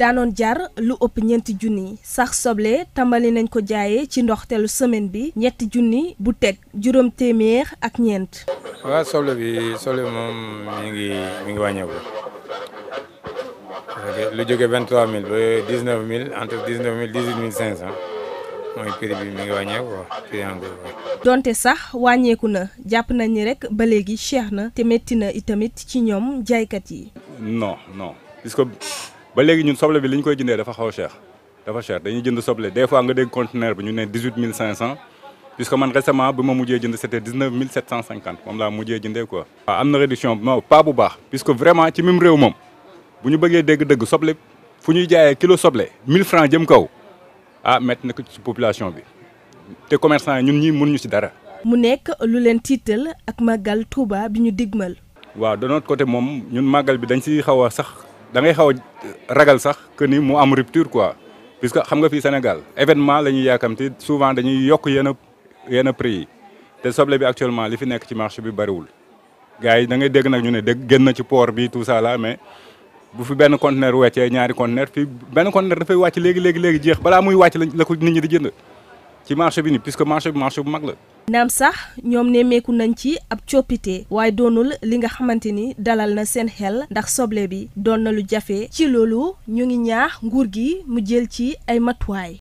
daanoon jar lu ëpp ñeenti junni sax soble tàmbali nañ ko jaayee ci ndoxteelu semaine bi ñetti junni bu teg juróom téeméer ak ñeent. waaw soble bi soble bi moom mi ngi mi ngi wàññeeku lu jógee vingt trois mille ba dix neuf mille donte sax wàññeeku na jàpp nañ ni rek ba léegi cher na te métti na itamit ci ñoom jaaykat yi. non non puisque ba léegi ñun soble bi li ñu koy jëndee dafa xaw a cher dafa cher dañuy jënd soble des fois nga dégg conteneur bi ñu ne 18500 puisque man récemment bi ma mujjee jënd c'était 19750 moom laa mujjee jëndee quoi. waaw am na réduction non pas bu baax puisque vraiment ci même réew moom bu ñu bëggee dégg-dëgg soble fu ñuy jaayee kilo soble mille francs jëm kaw ah métti na ko ci population bi te commerçant yi ñun ñii mënuñu ci dara. mu nekk lu leen tiital ak màggal Touba bi ñu digmal. waaw de notre côté moom ñun màggal bi dañ ci xaw a sax. da ngay xaw a ragal sax que ni mu am rupture quoi puisque xam nga fii Sénégal événement la ñuy yàkkamti souvent dañuy yokk yenn yenn prix yi te soble bi actuellement li fi nekk ci marché bi bëriwul. gars yi da dégg nag ñu ne dégg génn ci port bi tout ça là mais bu fi benn conteneur weccee ñaari conteneur fii benn conteneur dafay wàcc léegi léegi léegi jeex balaa muy wàcc la ko nit ñi di jënd ci marché bi ni puisque marché bi marché bu mag la. naam sax ñoom nemmeeku nañ ci ab coppite waaye doonul li nga xamante ni dalal na seen xel ndax soble bi doon na lu jafe ci loolu ñu ngi ñaax nguur gi mu jël ci ay matuwaay.